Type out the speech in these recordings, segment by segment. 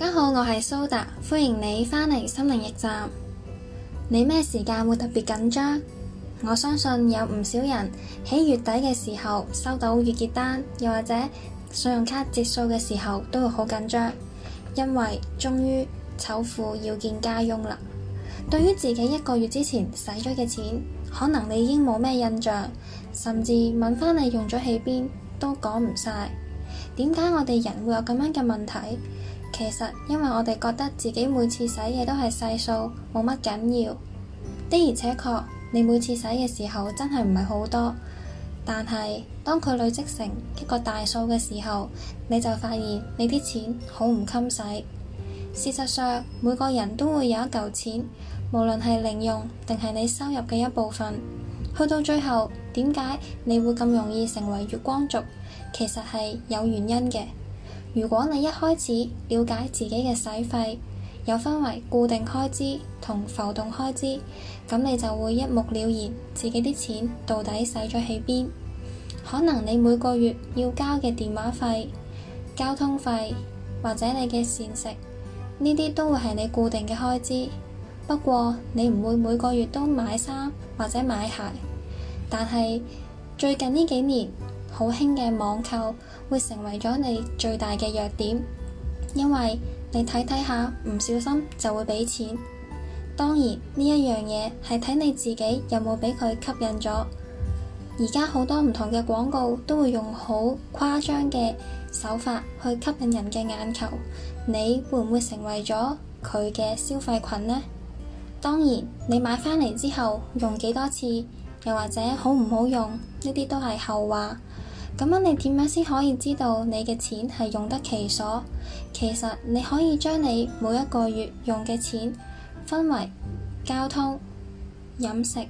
大家好，我係蘇達，歡迎你返嚟心靈驛站。你咩時間會特別緊張？我相信有唔少人喺月底嘅時候收到月結單，又或者信用卡截數嘅時候都會好緊張，因為終於醜婦要見家翁啦。對於自己一個月之前使咗嘅錢，可能你已經冇咩印象，甚至問翻你用咗喺邊都講唔晒。點解我哋人會有咁樣嘅問題？其實，因為我哋覺得自己每次洗嘢都係細數，冇乜緊要。的而且確你每次洗嘅時候真係唔係好多，但係當佢累積成一個大數嘅時候，你就發現你啲錢好唔襟使。事實上，每個人都會有一嚿錢，無論係零用定係你收入嘅一部分。去到最後，點解你會咁容易成為月光族？其實係有原因嘅。如果你一開始了解自己嘅使費，有分為固定開支同浮動開支，咁你就會一目了然自己啲錢到底使咗喺邊。可能你每個月要交嘅電話費、交通費，或者你嘅膳食，呢啲都會係你固定嘅開支。不過你唔會每個月都買衫或者買鞋，但係最近呢幾年好興嘅網購。會成為咗你最大嘅弱點，因為你睇睇下唔小心就會俾錢。當然，呢一樣嘢係睇你自己有冇俾佢吸引咗。而家好多唔同嘅廣告都會用好誇張嘅手法去吸引人嘅眼球，你會唔會成為咗佢嘅消費群呢？當然，你買翻嚟之後用幾多次，又或者好唔好用，呢啲都係後話。咁樣你點樣先可以知道你嘅錢係用得其所？其實你可以將你每一個月用嘅錢分為交通、飲食、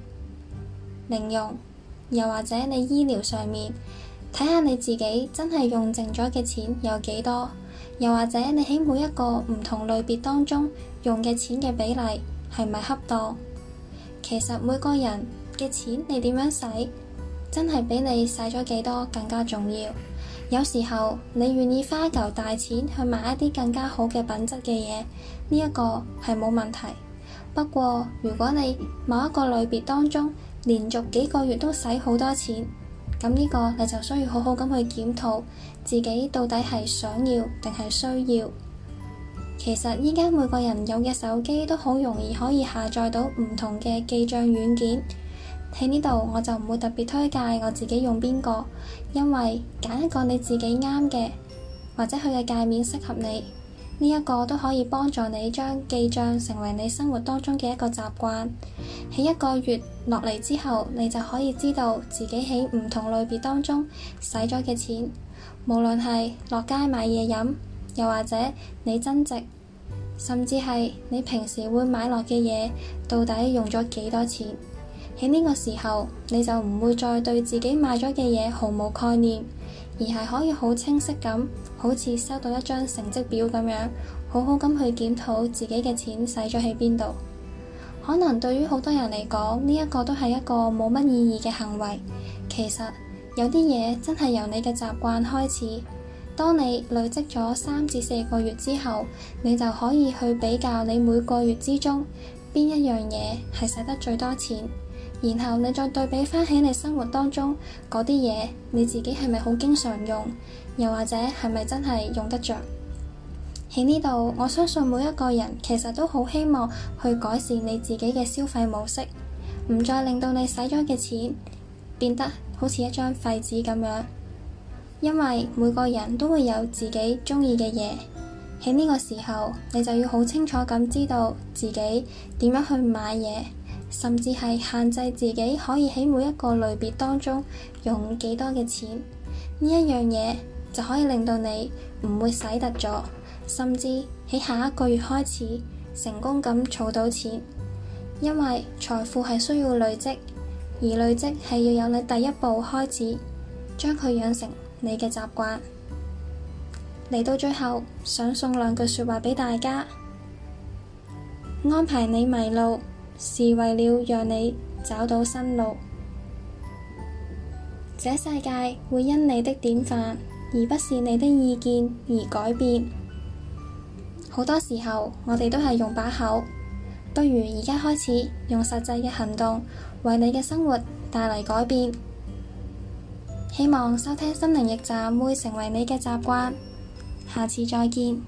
零用，又或者你醫療上面睇下你自己真係用淨咗嘅錢有幾多？又或者你喺每一個唔同類別當中用嘅錢嘅比例係咪恰當？其實每個人嘅錢你點樣使，真係比你使咗幾多更加重要。有時候你願意花一嚿大錢去買一啲更加好嘅品質嘅嘢，呢一個係冇問題。不過如果你某一個類別當中連續幾個月都使好多錢，咁呢個你就需要好好咁去檢討自己到底係想要定係需要。其實而家每個人有嘅手機都好容易可以下載到唔同嘅記帳軟件。喺呢度我就唔會特別推介我自己用邊個，因為揀一個你自己啱嘅，或者佢嘅界面適合你，呢一個都可以幫助你將記賬成為你生活當中嘅一個習慣。喺一個月落嚟之後，你就可以知道自己喺唔同類別當中使咗嘅錢，無論係落街買嘢飲，又或者你增值，甚至係你平時會買落嘅嘢，到底用咗幾多錢。喺呢個時候，你就唔會再對自己買咗嘅嘢毫無概念，而係可以好清晰咁，好似收到一張成績表咁樣，好好咁去檢討自己嘅錢使咗喺邊度。可能對於好多人嚟講，呢一個都係一個冇乜意義嘅行為。其實有啲嘢真係由你嘅習慣開始。當你累積咗三至四個月之後，你就可以去比較你每個月之中邊一樣嘢係使得最多錢。然後你再對比翻起你生活當中嗰啲嘢，你自己係咪好經常用？又或者係咪真係用得着？喺呢度，我相信每一個人其實都好希望去改善你自己嘅消費模式，唔再令到你使咗嘅錢變得好似一張廢紙咁樣。因為每個人都會有自己鍾意嘅嘢，喺呢個時候，你就要好清楚咁知道自己點樣去買嘢。甚至係限制自己可以喺每一個類別當中用幾多嘅錢，呢一樣嘢就可以令到你唔會使突咗，甚至喺下一個月開始成功咁儲到錢。因為財富係需要累積，而累積係要由你第一步開始，將佢養成你嘅習慣。嚟到最後，想送兩句說話畀大家，安排你迷路。是為了讓你找到新路，這世界會因你的典範，而不是你的意見而改變。好多時候，我哋都係用把口，不如而家開始用實際嘅行動，為你嘅生活帶嚟改變。希望收聽心靈驛站會成為你嘅習慣，下次再見。